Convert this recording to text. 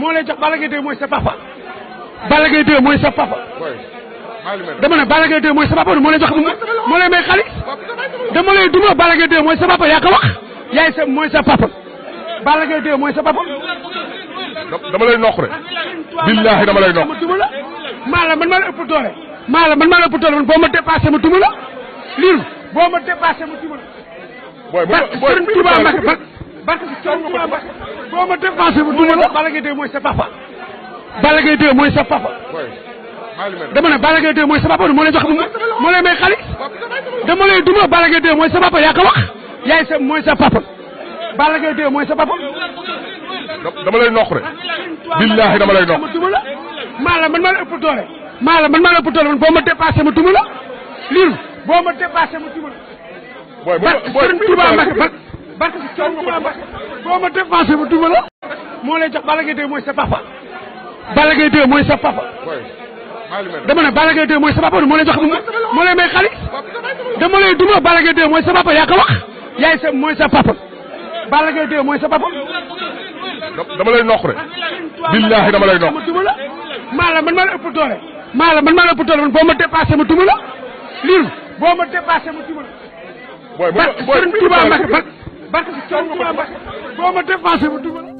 moo lay jox Balla Gaye 2 mooy sa papa. Balla Gaye 2 mooy sa papa. dama ne Balla Gaye 2 mooy sa papa moo lay jox moo lay may xaalis dama lay duma Balla Gaye 2 mooy sa papa yaa ko wax yaay sa mooy sa papa Balla Gaye 2 mooy sa papa. dama lay noq rek. billaahi dama lay noq. maa la man maa la ëpp doole. maa la man maa la ëpp doole man boo ma dépassé ma duma la. liiru boo ma dépassé ma duma la. booy booy booy barke si coono ko def boo ma dépassé bu dul la Balla Gaye 2 mooy sa papa. Balla Gaye 2 mooy sa papa. dama ne Balla Gaye 2 mooy sa papa moo lay jox moo lay may xaalis dama lay duma Balla Gaye 2 mooy sa papa yaa ko wax yaay sa mooy sa papa Balla Gaye 2 mooy sa papa. dama lay noq rek. billaahi dama lay noq. maa la man maa la ëpp doole. maa la man maa la ëpp doole man boo ma dépassé ma duma la. liir boo ma dépassé ma duma la. booy booy barke si coono nga ko boo ma dépassé ma duma la. moo lay jox Balla Gaye 2 mooy sa papa. Balla Gaye 2 mooy sa papa. dama ne Balla Gaye 2 mooy sa papa moo lay jox moo lay may xaalis. dama lay duma Balla Gaye 2 mooy sa papa yaa ko wax. yaay sa mooy sa papa. Balla Gaye 2 mooy sa papa. dama lay noq rek. billahi dama lay noq. maa la man maa la ëpp doole. maa la man maa la ëpp doole man boo ma dépassé ma duma la. liiru boo ma dépassé ma duma la. booy booy barke si coono ma ko boo ma dépassé ma